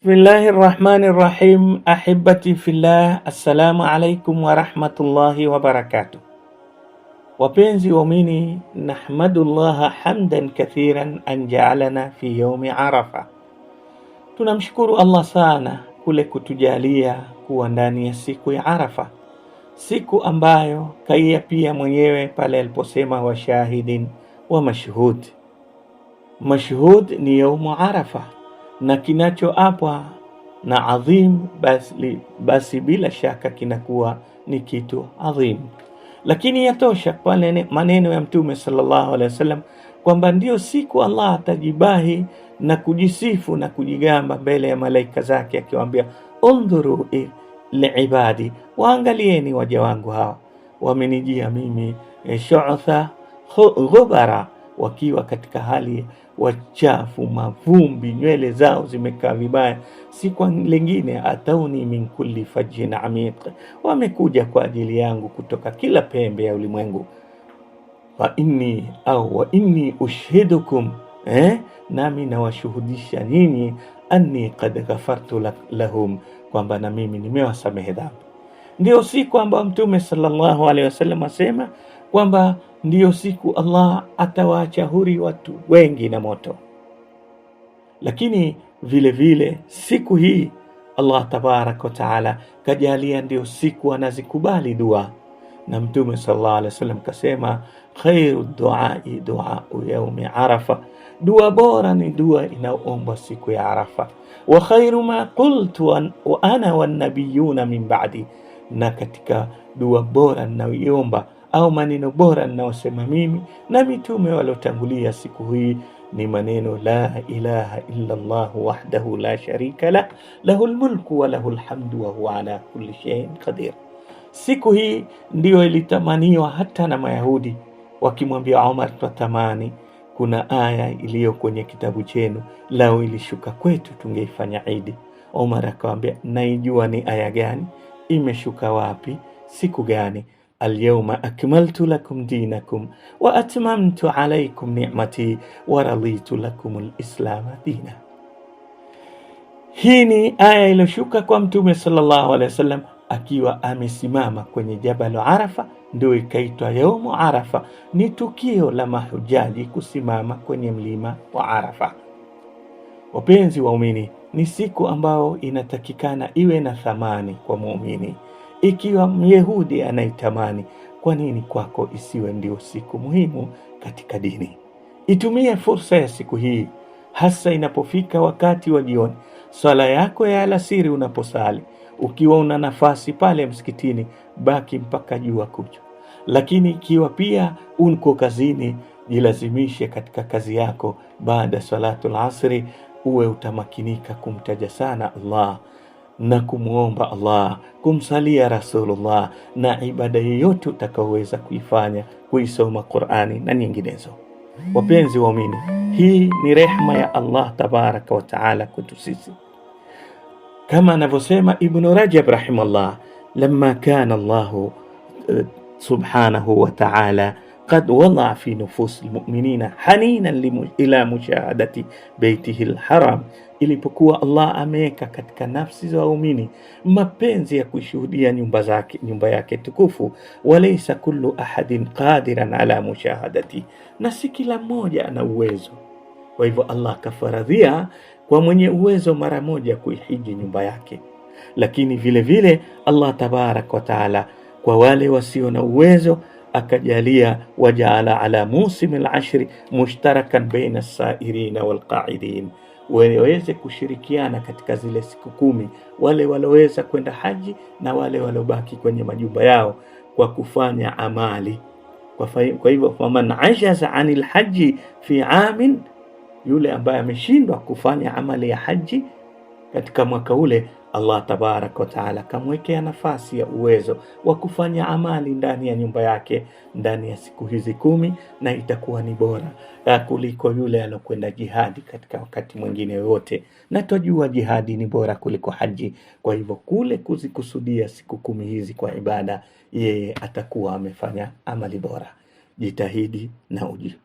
Bismillahi rahmani rahim. Ahibati fillah, assalamu alaikum warahmatullahi wabarakatuh. Wapenzi waumini, llaha hamdan kathiran an jaalana fi yaumi Arafa. Tunamshukuru Allah sana kule kutujalia kuwa ndani ya siku ya Arafa, siku ambayo kaiya pia mwenyewe pale aliposema washahidin wa mashhud. Mashhud ni yaumu Arafa na kinachoapwa na adhim basi, basi bila shaka kinakuwa ni kitu adhim. Lakini yatosha pale maneno ya Mtume sallallahu alaihi wasallam kwamba ndiyo siku Allah atajibahi na kujisifu na kujigamba mbele ya malaika zake akiwaambia, undhuru liibadi, waangalieni waja wangu hawa wamenijia mimi eh, shutha ghubara wakiwa katika hali wachafu, mavumbi, nywele zao zimekaa vibaya, si kwa lingine atauni min kulli fajin amiq, wamekuja kwa ajili yangu kutoka kila pembe ya ulimwengu. Fa inni au wa inni ushhidukum eh, nami nawashuhudisha nyinyi anni qad ghafartu lahum, kwamba na mimi nimewasamehe dhambi. Ndio siku kwamba Mtume sallallahu alaihi wasallam asema kwamba ndiyo siku Allah atawaacha huri watu wengi na moto. Lakini vile vile siku hii Allah tabaraka wa taala kajalia ndiyo siku anazikubali dua, na Mtume sallallahu alaihi wasallam kasema, khairu duai duau yaumi arafa, dua bora ni dua inaoombwa siku ya Arafa. Wa khairu ma qultu wa ana nabiyuna min ba'di, na katika dua bora ninayoiomba au maneno bora ninayosema mimi na mitume waliotangulia siku hii ni maneno la ilaha illa Allah wahdahu la sharika lah lahu lmulku wa lhamdu wahuwa wa huwa ala kulli shay'in qadir. Siku hii ndiyo ilitamaniwa hata na Mayahudi wakimwambia Omar, twatamani kuna aya iliyo kwenye kitabu chenu, lao ilishuka kwetu tungeifanya Idi. Omar akawambia, naijua ni aya gani, imeshuka wapi, siku gani? اليوم akmaltu lakum dinakum وأتممت عليكم نعمتي ni'mati لكم الإسلام lakum هيني dina. Hii ni aya iliyoshuka kwa Mtume sallallahu alaihi wasallam akiwa amesimama kwenye jabalu Arafa, ndio ikaitwa yaumu Arafa. Ni tukio la mahujaji kusimama kwenye mlima wa Arafa. Wapenzi waumini, ni siku ambayo inatakikana iwe na thamani kwa muumini ikiwa Myahudi anaitamani, kwa nini kwako isiwe ndio siku muhimu katika dini? Itumie fursa ya siku hii, hasa inapofika wakati wa jioni. Swala yako ya alasiri unaposali, ukiwa una nafasi pale msikitini, baki mpaka jua kuchwa. Lakini ikiwa pia unko kazini, jilazimishe katika kazi yako. Baada ya salatu lasri uwe utamakinika kumtaja sana Allah na kumwomba Allah, kumsalia Rasulullah na ibada yoyote utakaoweza kuifanya, kuisoma Qur'ani na nyinginezo. Wapenzi waumini, hii ni rehma ya Allah tabaraka wa taala kwetu sisi, kama anavyosema Ibnu Rajab rahimahullah, lamma kana Allahu eh, subhanahu wa taala qad wadaa fi nufusi lmuminina haninan ila mushahadati beitihi lharam, ilipokuwa Allah ameweka katika nafsi za waumini mapenzi ya kuishuhudia nyumba zake, nyumba yake tukufu. Walaysa kullu ahadin qadiran ala mushahadati, na si kila mmoja ana uwezo. Kwa hivyo Allah akafaradhia kwa mwenye uwezo mara moja kuihiji nyumba yake, lakini vile vile Allah tabarak wa taala kwa wale wasio na uwezo akajalia wajaala ala musimi lashri mushtarakan baina sairina walqaidin, waweze kushirikiana katika zile siku kumi, wale walioweza kwenda haji na wale waliobaki kwenye majumba yao kwa kufanya amali. Kwa hivyo faman ajaza ani lhaji fi amin, yule ambaye ameshindwa kufanya amali ya haji katika mwaka ule Allah tabaraka wa taala akamwekea nafasi ya uwezo wa kufanya amali ndani ya nyumba yake ndani ya siku hizi kumi, na itakuwa ni bora eh, kuliko yule aliyokwenda jihadi katika wakati mwingine yoyote, na twajua jihadi ni bora kuliko haji. Kwa hivyo kule kuzikusudia siku kumi hizi kwa ibada, yeye atakuwa amefanya amali bora. Jitahidi na uji